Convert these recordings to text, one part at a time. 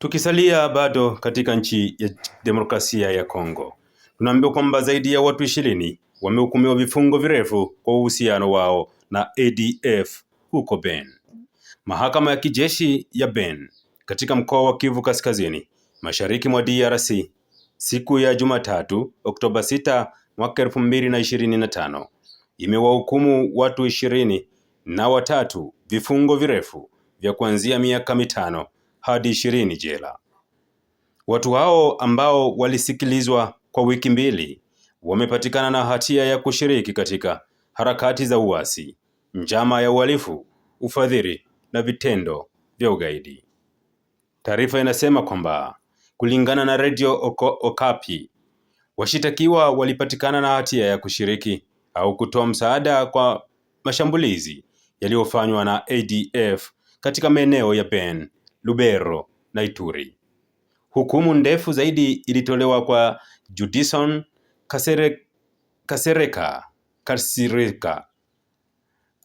Tukisalia bado katika nchi ya demokrasia ya Kongo, tunaambiwa kwamba zaidi ya watu ishirini wamehukumiwa vifungo virefu kwa uhusiano wao na ADF huko Beni. Mahakama ya kijeshi ya Beni katika mkoa wa Kivu Kaskazini, mashariki mwa DRC, siku ya Jumatatu Oktoba 6 mwaka 2025 imewahukumu watu ishirini na watatu vifungo virefu vya kuanzia miaka mitano hadi ishirini jela. Watu hao ambao walisikilizwa kwa wiki mbili wamepatikana na hatia ya kushiriki katika harakati za uasi, njama ya uhalifu, ufadhili na vitendo vya ugaidi. Taarifa inasema kwamba kulingana na Radio Oko Okapi, washitakiwa walipatikana na hatia ya kushiriki au kutoa msaada kwa mashambulizi yaliyofanywa na ADF katika maeneo ya Ben Lubero na Ituri. Hukumu ndefu zaidi ilitolewa kwa Judison Kasere, Kasereka Kasireka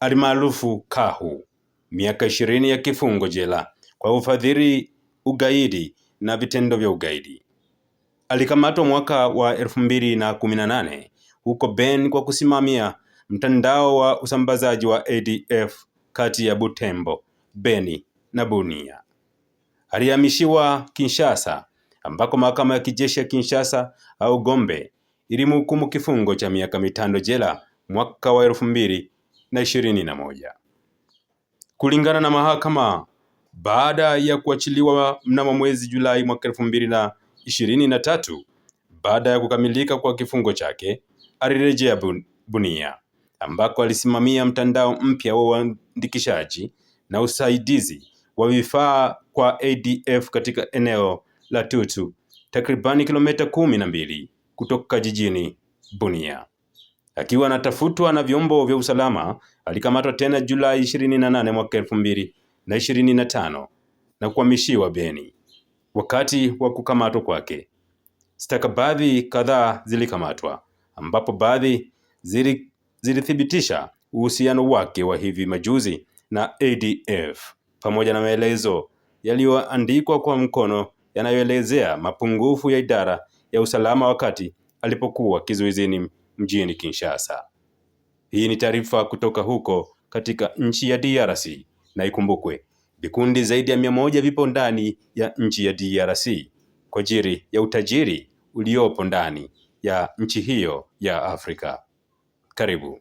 almaarufu Kahu, miaka ishirini ya kifungo jela kwa ufadhili ugaidi na vitendo vya ugaidi. Alikamatwa mwaka wa elfu mbili na kumi na nane huko Ben kwa kusimamia mtandao wa usambazaji wa ADF kati ya Butembo, Beni na Bunia alihamishiwa Kinshasa ambako mahakama ya kijeshi ya Kinshasa au Gombe ilimhukumu kifungo cha miaka mitano jela mwaka wa elfu mbili na ishirini na moja. Kulingana na mahakama, baada ya kuachiliwa mnamo mwezi Julai mwaka elfu mbili na ishirini na tatu baada ya kukamilika kwa kifungo chake, alirejea Bunia ambako alisimamia mtandao mpya wa uandikishaji na usaidizi wa vifaa kwa ADF katika eneo la Tutu takribani kilomita kumi na mbili kutoka jijini Bunia. Akiwa anatafutwa na vyombo vya usalama, alikamatwa tena Julai 28 mwaka elfu mbili na ishirini na tano na kuhamishiwa Beni. Wakati wa kukamatwa kwake, stakabadhi kadhaa zilikamatwa, ambapo baadhi zilithibitisha uhusiano wake wa hivi majuzi na ADF pamoja na maelezo yaliyoandikwa kwa mkono yanayoelezea mapungufu ya idara ya usalama wakati alipokuwa kizuizini mjini Kinshasa. Hii ni taarifa kutoka huko katika nchi ya DRC, na ikumbukwe vikundi zaidi ya mia moja vipo ndani ya nchi ya DRC kwa ajili ya utajiri uliopo ndani ya nchi hiyo ya Afrika. Karibu.